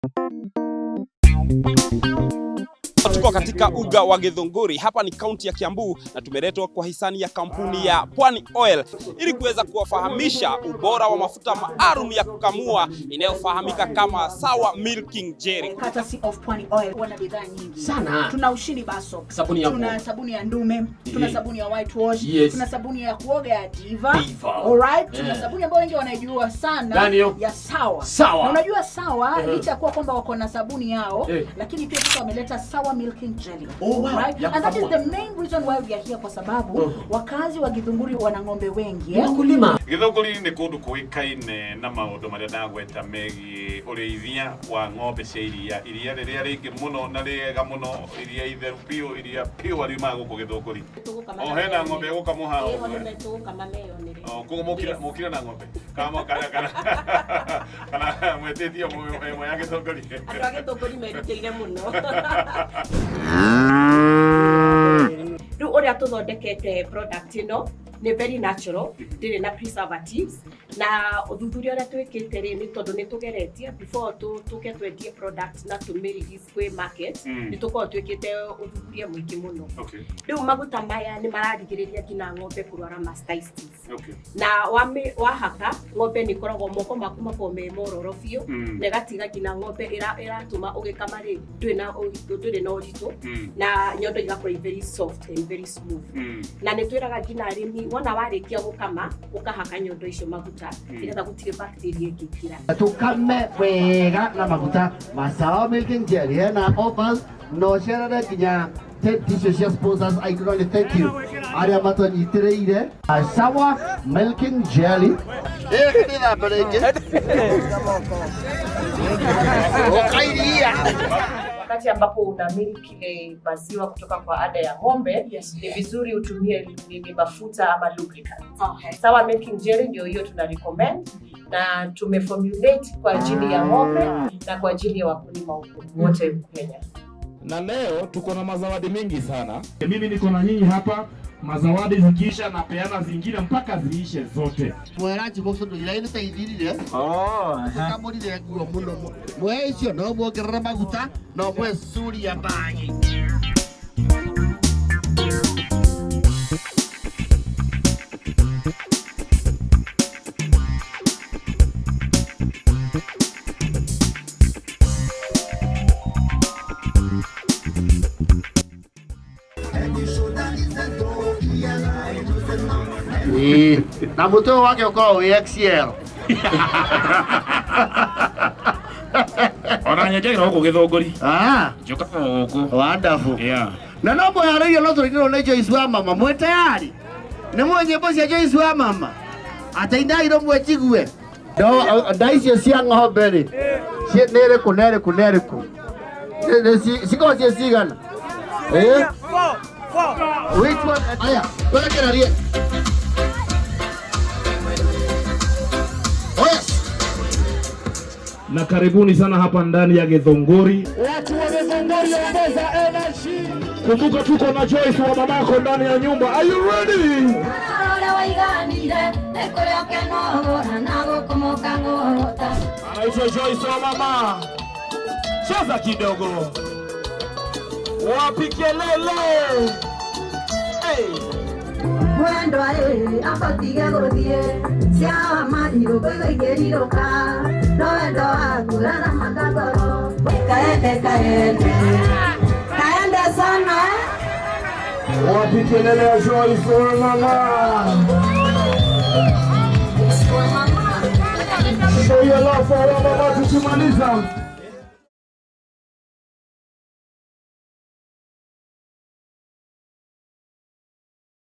Thank you. Tuko katika uga wa Githunguri, hapa ni kaunti ya Kiambu, na tumeletwa kwa hisani ya kampuni ya Pwani Oil ili kuweza kuwafahamisha ubora wa mafuta maalum ya kukamua inayofahamika kama Sawa Milking Jerry. Hata si of Pwani Oil wana bidhaa nyingi sana. Tuna ushindi baso, sabuni ya tuna sabuni ya ndume, tuna sabuni ya white wash, yes. Tuna sabuni ya kuoga ya Diva, Diva. Alright, tuna yeah. sabuni ambayo wengi wanaijua sana Daniel. ya Sawa. Sawa. Na unajua Sawa licha uh -huh. kuwa kwamba wako na sabuni yao, yeah. lakini pia wameleta Sawa inakuwa milking jelly. Oh, wow. Right? And that is the main reason why we are here kwa sababu mm -hmm. wakazi wa Githunguri wana ng'ombe wengi. Eh? Wakulima. Githunguri ni kundu kuikaine na maundu maria ndagweta megie urithia wa ng'ombe cia iria iria riria ringi muno na riega muno iria itheru piu iria piu arima guku Githunguri. O oh, hena ng'ombe guka muha. Eh, ng'ombe tuka mameyo nire. O oh, kugo mukira na ng'ombe. Kama kana kana mwĩtĩtie ĩmwe ya gĩtongori andũ a gĩtongori merutĩire mũno rĩu ũrĩa tũthondekete product no nĩ very natural ndĩrĩ na preservatives na uthuthuria uria twikite ri ni tondu ni tugeretie before tuke twendie product na tumirigis kwi market mm. ni tukorwo twikite uthuthuria mwingi muno riu maguta maya ni mararigiriria nginya ng'ombe kurwara mastitis na wahaka ng'ombe ni koragwo moko maku makoragwo me mororo biũ mm. na ĩgatiga nginya ng'ombe ĩratũma ũgĩkama rĩ ndũrĩ na ũritũ mm. na nyondo igakorwo very soft and very smooth na nĩ twĩraga nginya arĩmi wona warĩkia gũkama ũkahaka nyondo icio maguta 이러다 어떻게 막들이 이렇게 기라. tukame wega na mafuta masao milking jelly na offers no share da kinya te dishes sponsors i can only thank you aria maton yitire ire sawa milking jelly eh kitina bereke okailia wakati ambapo unamilk ile maziwa kutoka kwa ada ya ng'ombe yes. Ni vizuri utumie ni mafuta ama lubricant. Okay. Sawa, milking jelly ndio hiyo tuna recommend na tumeformulate kwa ajili ya ng'ombe na kwa ajili ya wakulima wote Kenya. Na leo tuko na mazawadi mengi sana. Mimi niko na nyinyi hapa mazawadi zikiisha na peana zingine mpaka ziishe zote mweraji boso ndo ira ine teithirire oh, nguo muno mwe no mwongerera maguta no mwe suri ya bangi E tá botando o Rock Call e XL. Ora, nyanyi aja rokok gitu, Gori. Ah, juga rokok. Wadah, Bu. Iya. Nah, nopo hari ini lo turun oleh Joy Suha Mama. Mau tayari. Nemu aja bos ya Joy Suha Mama. Atau indah itu mau cik gue. Do, dah isi siang ngah beri. Siap nereku, nereku, nereku. Si, si kau siap sih kan? Eh? Which one? Aya, peleke na rie. Na karibuni sana hapa ndani ya Githunguri. Watu wa Githunguri ongeza energy. Kumbuka tuko na Joyce wa mamako ndani ya nyumba. Are you ready? Anaitwa Joyce wa mama. Cheza kidogo. Wapikelele. kelele? mwendwa afotige guthiĩ ciao mathirũ ngũigĩrirũka no wendo wakurana makagoro kaende kaende kaende sana wapi kelele